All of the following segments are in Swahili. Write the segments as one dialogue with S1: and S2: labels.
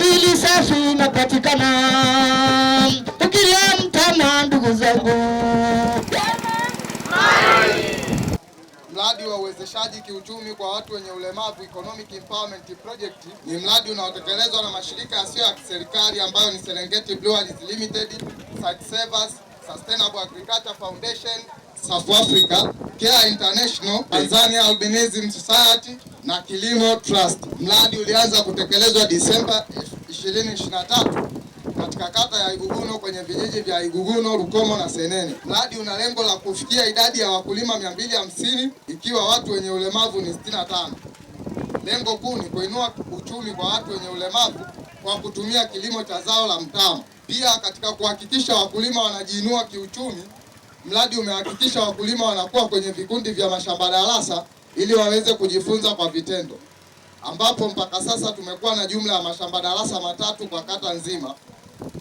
S1: akili safi inapatikana ukilia mtama, ndugu zangu.
S2: Mradi wa uwezeshaji kiuchumi kwa watu wenye ulemavu Economic Empowerment Project ni mradi unaotekelezwa na mashirika yasiyo ya kiserikali ambayo ni Serengeti Breweries Limited, Site Savers, Sustainable Agriculture Foundation South Africa, Care International, Tanzania Albinism Society na Kilimo Trust. Mradi ulianza kutekelezwa Disemba 2023 katika kata ya Iguguno kwenye vijiji vya Iguguno, Lukomo na Senene. Mradi una lengo la kufikia idadi ya wakulima 250 ikiwa watu wenye ulemavu ni 65. Lengo kuu ni kuinua uchumi kwa watu wenye ulemavu kwa kutumia kilimo cha zao la mtama, pia katika kuhakikisha wakulima wanajiinua kiuchumi mradi umehakikisha wakulima wanakuwa kwenye vikundi vya mashamba darasa ili waweze kujifunza kwa vitendo, ambapo mpaka sasa tumekuwa na jumla ya mashamba darasa matatu kwa kata nzima,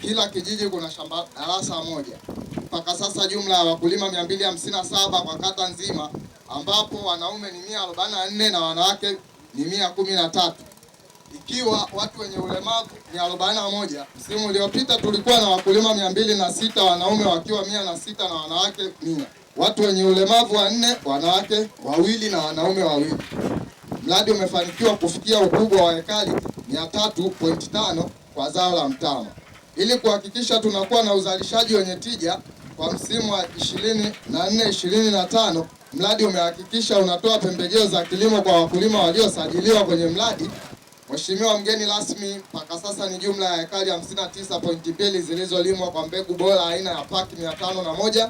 S2: kila kijiji kuna shamba darasa moja. Mpaka sasa jumla ya wakulima 257 kwa kata nzima, ambapo wanaume ni 144 na wanawake ni 113 ikiwa watu wenye ulemavu ni 41. Msimu uliopita tulikuwa na wakulima mia mbili na sita wanaume wakiwa mia na sita na wanawake mia, watu wenye ulemavu wanne, wanawake wawili na wanaume wawili. Mradi umefanikiwa kufikia ukubwa wa hekari 300.5 kwa zao la mtama. Ili kuhakikisha tunakuwa na uzalishaji wenye tija kwa msimu wa 24 25, mradi umehakikisha unatoa pembejeo za kilimo kwa wakulima waliosajiliwa kwenye mradi Mheshimiwa mgeni rasmi, mpaka sasa ni jumla ya ekari 59.2 zilizolimwa kwa mbegu bora aina ya pak 501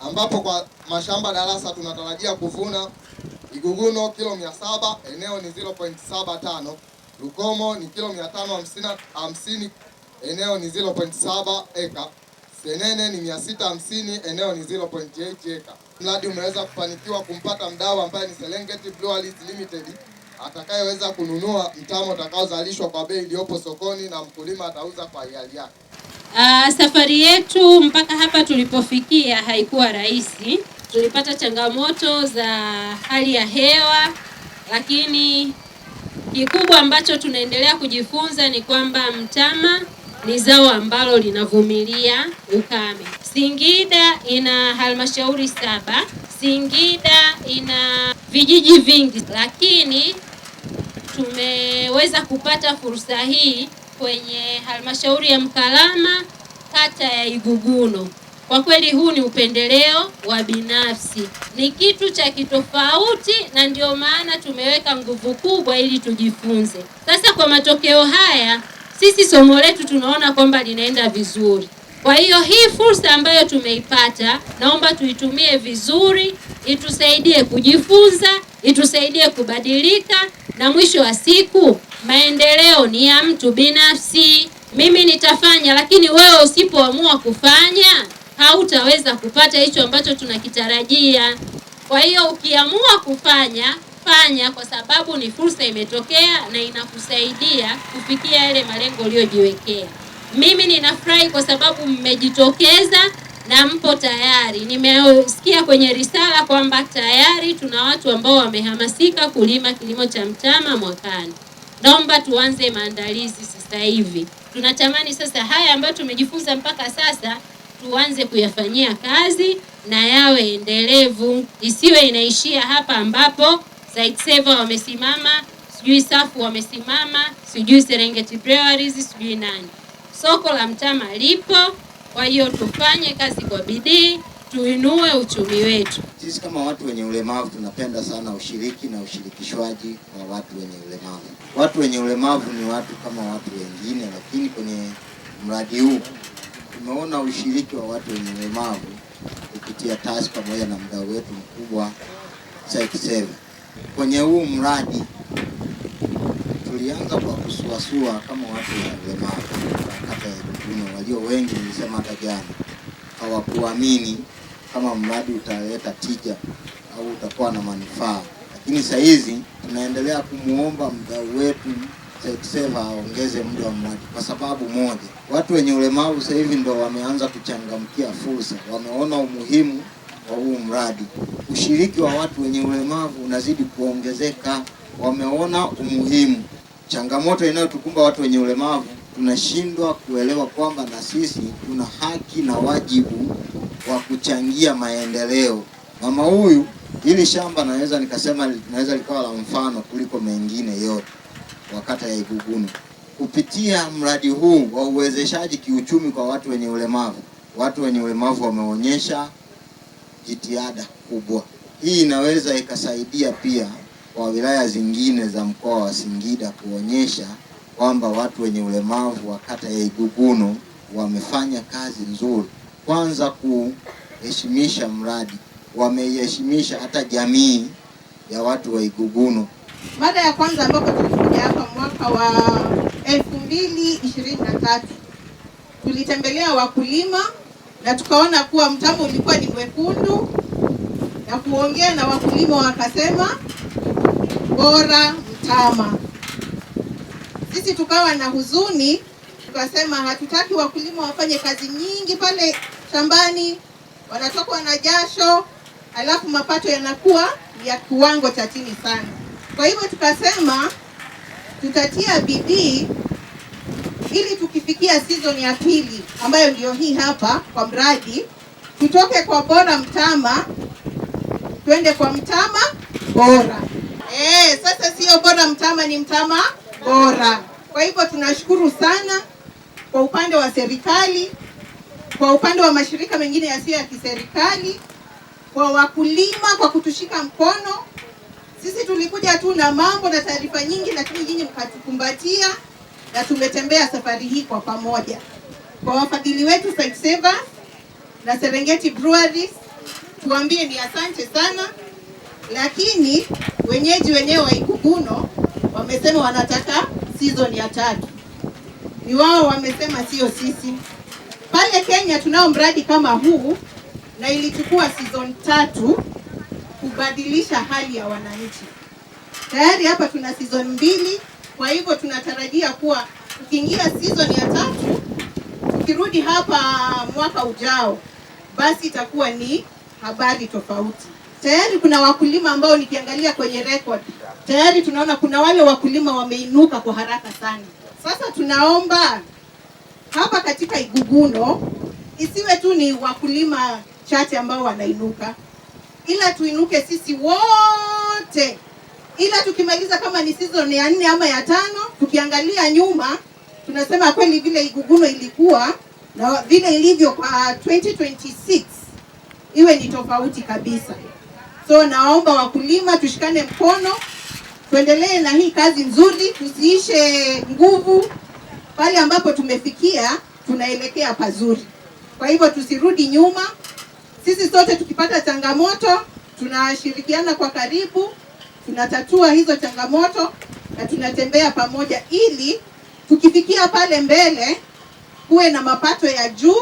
S2: ambapo kwa mashamba darasa tunatarajia kuvuna Iguguno kilo 700, eneo ni 0.75, Lukomo ni kilo 550, eneo ni 0.7 eka, Senene ni 650, eneo ni 0.8 eka. Mradi umeweza kufanikiwa kumpata mdau ambaye ni Serengeti Breweries Limited atakayeweza kununua mtama utakaozalishwa kwa bei iliyopo sokoni na mkulima atauza kwa hiari yake.
S3: Uh, safari yetu mpaka hapa tulipofikia haikuwa rahisi. Tulipata changamoto za hali ya hewa, lakini kikubwa ambacho tunaendelea kujifunza ni kwamba mtama ni zao ambalo linavumilia ukame. Singida ina halmashauri saba. Singida ina vijiji vingi, lakini tumeweza kupata fursa hii kwenye halmashauri ya Mkalama kata ya Iguguno. Kwa kweli huu ni upendeleo wa binafsi, ni kitu cha kitofauti, na ndio maana tumeweka nguvu kubwa ili tujifunze. Sasa kwa matokeo haya, sisi somo letu tunaona kwamba linaenda vizuri. Kwa hiyo hii fursa ambayo tumeipata, naomba tuitumie vizuri, itusaidie kujifunza, itusaidie kubadilika na mwisho wa siku maendeleo ni ya mtu binafsi. Mimi nitafanya, lakini wewe usipoamua kufanya hautaweza kupata hicho ambacho tunakitarajia. Kwa hiyo ukiamua kufanya fanya, kwa sababu ni fursa imetokea na inakusaidia kufikia yale malengo uliyojiwekea. Mimi ninafurahi kwa sababu mmejitokeza na mpo tayari. Nimesikia kwenye risala kwamba tayari tuna watu ambao wamehamasika kulima kilimo cha mtama mwakani. Naomba tuanze maandalizi sasa hivi. Tunatamani sasa haya ambayo tumejifunza mpaka sasa tuanze kuyafanyia kazi na yawe endelevu, isiwe inaishia hapa ambapo Zaitseva wamesimama, sijui safu wamesimama, sijui Serengeti Breweries, sijui nani. Soko la mtama lipo. Kwa hiyo tufanye kazi kwa bidii, tuinue uchumi wetu.
S4: Sisi kama watu wenye ulemavu tunapenda sana ushiriki na ushirikishwaji wa watu wenye ulemavu. Watu wenye ulemavu ni watu kama watu wengine, lakini kwenye mradi huu tumeona ushiriki wa watu wenye ulemavu kupitia TASI pamoja na mdau wetu mkubwa Psych Save kwenye huu mradi tulianza kwa kusuasua kama watu ulemavu kata ya Iguguno. walio wengi nilisema hata jana hawakuamini kama mradi utaleta tija au utakuwa na manufaa, lakini saa hizi tunaendelea kumwomba mdau wetu TACSEFA aongeze muda wa mradi kwa sababu moja, watu wenye ulemavu sasa hivi ndo wameanza kuchangamkia fursa, wameona umuhimu wa huu mradi. Ushiriki wa watu wenye ulemavu unazidi kuongezeka, wameona umuhimu Changamoto inayotukumba watu wenye ulemavu, tunashindwa kuelewa kwamba na sisi tuna haki na wajibu wa kuchangia maendeleo. Mama huyu, hili shamba naweza nikasema naweza likawa la mfano kuliko mengine yote wa kata ya Ibuguni. Kupitia mradi huu wa uwezeshaji kiuchumi kwa watu wenye ulemavu, watu wenye ulemavu wameonyesha jitihada kubwa. Hii inaweza ikasaidia pia kwa wilaya zingine za mkoa wa Singida kuonyesha kwamba watu wenye ulemavu wa kata ya Igugunu wamefanya kazi nzuri. Kwanza kuheshimisha mradi, wameiheshimisha hata jamii ya watu wa Igugunu.
S5: Mara ya kwanza ambapo tulikuja hapa mwaka wa 2023 tulitembelea wakulima na tukaona kuwa mtambo ulikuwa ni mwekundu, na kuongea na wakulima wakasema bora Mtama. Sisi tukawa na huzuni, tukasema hatutaki wakulima wafanye kazi nyingi pale shambani, wanatokwa na jasho, alafu mapato yanakuwa ya kiwango cha chini sana. Kwa hivyo tukasema tutatia bidii ili tukifikia season ya pili ambayo ndiyo hii hapa kwa mradi, tutoke kwa Bora Mtama twende kwa Mtama Bora. Eh, sasa sio bora mtama ni mtama bora. Kwa hivyo tunashukuru sana kwa upande wa serikali, kwa upande wa mashirika mengine yasiyo ya kiserikali, kwa wakulima kwa kutushika mkono. Sisi tulikuja tu na mambo na taarifa nyingi, lakini nyinyi mkatukumbatia na tumetembea safari hii kwa pamoja. Kwa wafadhili wetu Sightsavers na Serengeti Breweries tuambie ni asante sana, lakini Wenyeji wenyewe wa Ikuguno wamesema wanataka season ya tatu, ni wao wamesema, sio sisi. Pale Kenya tunao mradi kama huu, na ilichukua season tatu kubadilisha hali ya wananchi. Tayari hapa tuna season mbili, kwa hivyo tunatarajia kuwa tukiingia season ya tatu, tukirudi hapa mwaka ujao, basi itakuwa ni habari tofauti. Tayari kuna wakulima ambao nikiangalia kwenye record tayari tunaona kuna wale wakulima wameinuka kwa haraka sana. Sasa tunaomba hapa katika Iguguno isiwe tu ni wakulima chache ambao wanainuka, ila tuinuke sisi wote, ila tukimaliza kama ni season ya nne ama ya tano, tukiangalia nyuma tunasema kweli vile Iguguno ilikuwa na vile ilivyo kwa 2026 iwe ni tofauti kabisa. So naomba wakulima tushikane mkono, tuendelee na hii kazi nzuri, tusiishe nguvu. Pale ambapo tumefikia tunaelekea pazuri, kwa hivyo tusirudi nyuma. Sisi sote tukipata changamoto tunashirikiana kwa karibu, tunatatua hizo changamoto na tunatembea pamoja, ili tukifikia pale mbele kuwe na mapato ya juu,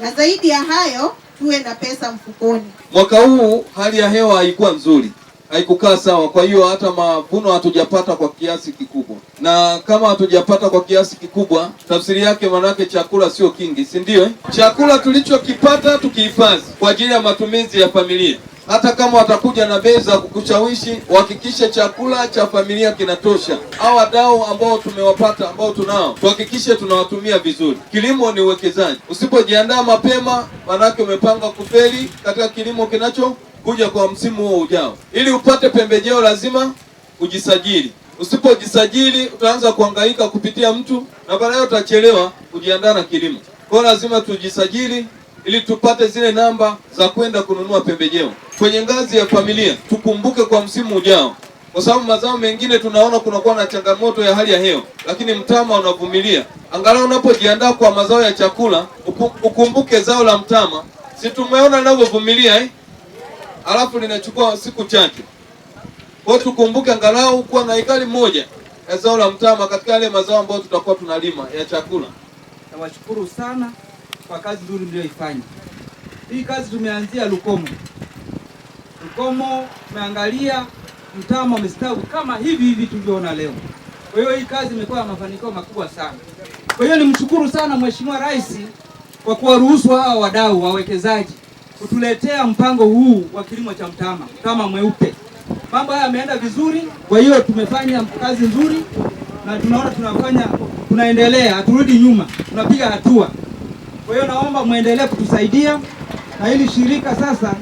S5: na zaidi ya hayo tuwe na pesa mfukoni.
S6: Mwaka huu hali ya hewa haikuwa nzuri, haikukaa sawa, kwa hiyo hata mavuno hatujapata kwa kiasi kikubwa, na kama hatujapata kwa kiasi kikubwa, tafsiri yake manake chakula sio kingi, si ndio? Eh, chakula tulichokipata tukihifadhi kwa ajili ya matumizi ya familia. Hata kama watakuja na bei za kukushawishi, uhakikishe chakula cha familia kinatosha. Au wadau ambao tumewapata ambao tunao, tuhakikishe tunawatumia vizuri. Kilimo ni uwekezaji, usipojiandaa mapema, manake umepanga kufeli katika kilimo kinachokuja kwa msimu huo ujao. Ili upate pembejeo lazima ujisajili. Usipojisajili utaanza kuhangaika kupitia mtu na baadaye utachelewa kujiandaa na kilimo. Kwa lazima tujisajili ili tupate zile namba za kwenda kununua pembejeo. Kwenye ngazi ya familia tukumbuke kwa msimu ujao, kwa sababu mazao mengine tunaona kunakuwa na changamoto ya hali ya hewa, lakini mtama unavumilia. Angalau unapojiandaa kwa mazao ya chakula ukumbuke zao la mtama, si tumeona linavyovumilia eh? Alafu linachukua siku chache kwa tukumbuke angalau kuwa na ekari moja ya zao la mtama katika yale mazao ambayo tutakuwa tunalima ya chakula.
S7: Nawashukuru sana kwa kazi nzuri mliyoifanya. Hii kazi tumeanzia Lukomo. Lukomo tumeangalia mtama umestawi kama hivi hivi tulivyoona leo. Kwa hiyo hii kazi imekuwa na mafanikio makubwa sana. Kwa hiyo nimshukuru sana Mheshimiwa Rais kwa kuwaruhusu hawa wadau wawekezaji kutuletea mpango huu wa kilimo cha mtama, mtama mweupe. Mambo haya yameenda vizuri, kwa hiyo tumefanya kazi nzuri na tunaona tunafanya, tunaendelea, haturudi nyuma, tunapiga hatua. Kwa hiyo naomba mwendelee kutusaidia na hili shirika sasa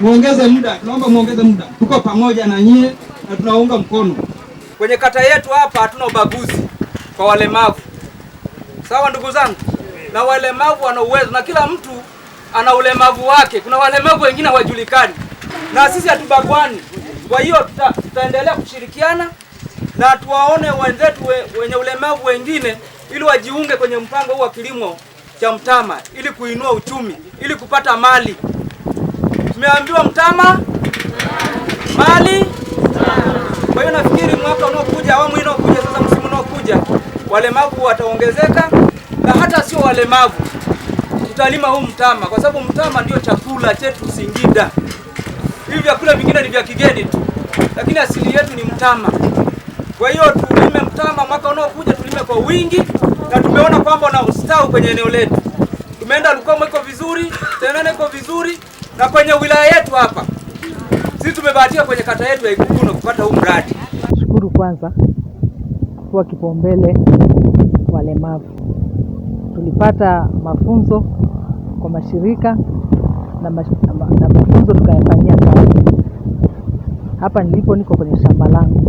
S7: muongeze muda, tunaomba muongeze muda. Tuko pamoja na nyie na tunaunga mkono.
S8: Kwenye kata yetu hapa hatuna ubaguzi kwa walemavu, sawa ndugu zangu, na walemavu wana uwezo na kila mtu ana ulemavu wake. Kuna walemavu wengine hawajulikani, na sisi hatubagwani Kwa hiyo tuta, tutaendelea kushirikiana na tuwaone wenzetu wenye ulemavu wengine ili wajiunge kwenye mpango huu wa kilimo cha mtama ili kuinua uchumi ili kupata mali. Tumeambiwa mtama mali. Kwa hiyo nafikiri mwaka unaokuja, awamu inaokuja sasa, msimu unaokuja, walemavu wataongezeka, na hata sio walemavu, tutalima huu mtama, kwa sababu mtama ndio chakula chetu Singida. Hivi vyakula vingine ni vya kigeni tu, lakini asili yetu ni mtama. Kwa hiyo tulime mtama mwaka unaokuja, tulime kwa wingi na tumeona kwamba na ustawi kwenye eneo letu. Tumeenda Lukomo iko vizuri, Tenene iko vizuri, na kwenye wilaya yetu hapa sisi tumebahatika kwenye kata yetu ya Iguguno kupata huu mradi.
S9: Shukuru kwanza kuwa kipaumbele walemavu. Tulipata mafunzo kwa mashirika na mafunzo tukayafanyia kazi. Hapa nilipo niko kwenye shamba langu.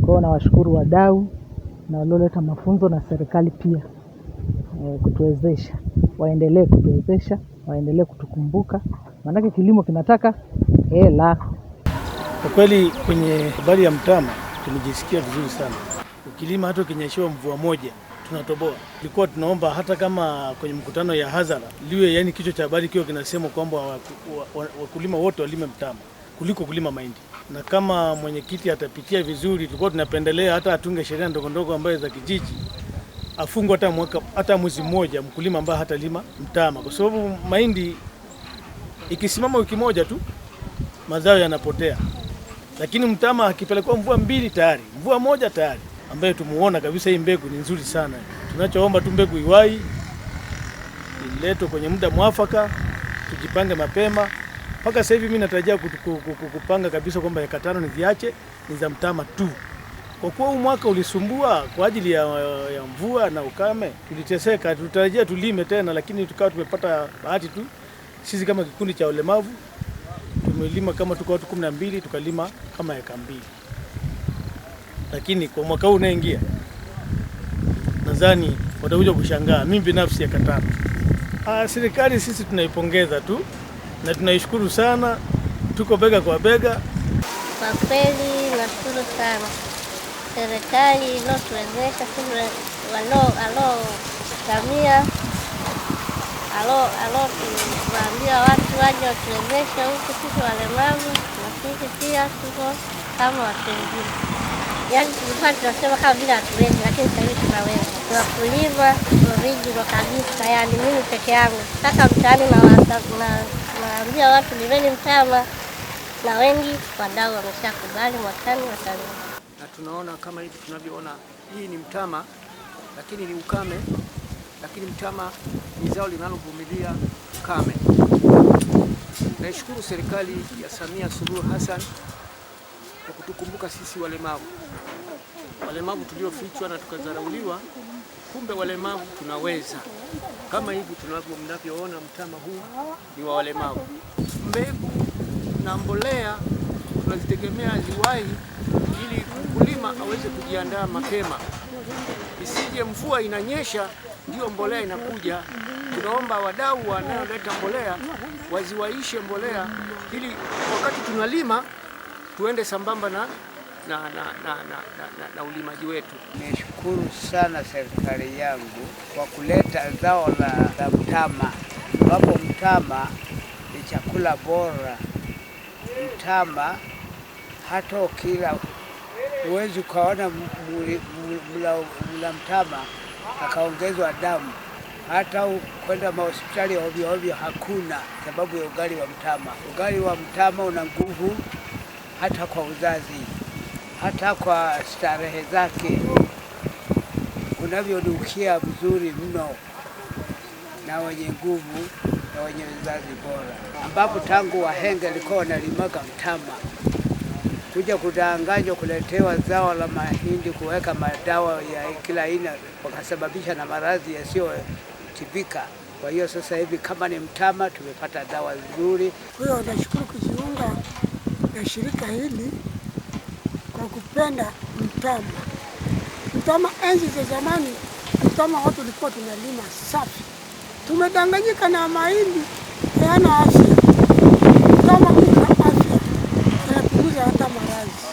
S9: Kwa hiyo nawashukuru wadau na walioleta mafunzo na serikali pia e, kutuwezesha, waendelee kutuwezesha, waendelee kutukumbuka, maanake kilimo kinataka hela.
S10: Kwa kweli kwenye habari ya mtama tumejisikia vizuri sana, ukilima hata ukinyeshewa mvua moja tunatoboa. Tulikuwa tunaomba hata kama kwenye mkutano ya hadhara liwe, yani kichwa cha habari kiwa kinasema kwamba wakulima wote walime mtama kuliko kulima mahindi na kama mwenyekiti atapitia vizuri, tulikuwa tunapendelea hata atunge sheria ndogo ndogo ambayo za kijiji, afungwe hata mwaka hata mwezi mmoja, mkulima ambaye hatalima mtama, kwa sababu mahindi ikisimama wiki moja tu mazao yanapotea, lakini mtama akipelekwa mvua mbili tayari, mvua moja tayari, ambayo tumuona kabisa hii mbegu ni nzuri sana. Tunachoomba tu mbegu iwai iletwe kwenye muda mwafaka, tujipange mapema. Mpaka sasa hivi mimi natarajia kupanga kabisa kwamba eka tano niziache ni za mtama tu, kwa kuwa huu mwaka ulisumbua kwa ajili ya, ya mvua na ukame. Tuliteseka, Tutarajia tulime tena, lakini tukawa tumepata bahati tu sisi kama kikundi cha ulemavu tumelima kama tuko watu kumi na mbili tukalima kama eka mbili, lakini kwa mwaka huu unaingia, nadhani watakuja kushangaa. Mimi binafsi eka tano, ah, serikali sisi tunaipongeza tu na tunaishukuru sana, tuko bega kwa bega.
S11: Kwa kweli nashukuru sana serikali iliyotuwezesha alo Samia alotuambia watu waje watuwezeshe huku sisi walemavu, na sisi pia tuko kama watu wengine, yaani tulikuwa tunasema kama vile hatuwezi, lakini sasa hivi tunaweza. Wakulima original kabisa, yaani mimi peke yangu mpaka mtaani na tunawaambia watu liveni mtama, na wengi wadau wameshakubali mwakani watalima.
S12: Na tunaona kama hivi tunavyoona, hii ni mtama lakini ni ukame, lakini mtama ni zao linalovumilia ukame. Naishukuru serikali ya Samia Suluhu Hassan kwa kutukumbuka sisi walemavu, walemavu tuliofichwa na tukadharauliwa, kumbe walemavu tunaweza. Kama hivi tunavyo mnavyoona, mtama huu ni wa walemavu. Mbegu na mbolea tunazitegemea ziwai, ili mkulima aweze kujiandaa mapema, isije mvua inanyesha ndio mbolea inakuja. Tunaomba wadau wanayoleta mbolea waziwaishe mbolea, ili wakati tunalima tuende sambamba na na, na, na, na, na, na ulimaji wetu.
S13: Nishukuru sana serikali yangu kwa kuleta zao la mtama, ambapo mtama ni chakula bora. Mtama hata ukila huwezi ukaona mla mtama akaongezwa damu, hata kwenda mahospitali ovyo ovyo hakuna, sababu ya ugali wa mtama. Ugali wa mtama una nguvu hata kwa uzazi hata kwa starehe zake unavyodukia vizuri mno, na wenye nguvu na wenye vizazi bora, ambapo tangu wahenge walikuwa wanalimaga mtama kuja kudanganywa kuletewa zao la mahindi kuweka madawa ya kila aina, wakasababisha na maradhi yasiyotibika. Kwa hiyo sasa hivi kama ni mtama tumepata dawa nzuri.
S14: Kwa hiyo nashukuru kujiunga na shirika hili kwa kupenda mtama. Mtama enzi za zamani, mtama watu walikuwa tunalima safi. Tumedanganyika na mahindi yana afya. Mtama una afya, yanapunguza hata maradhi.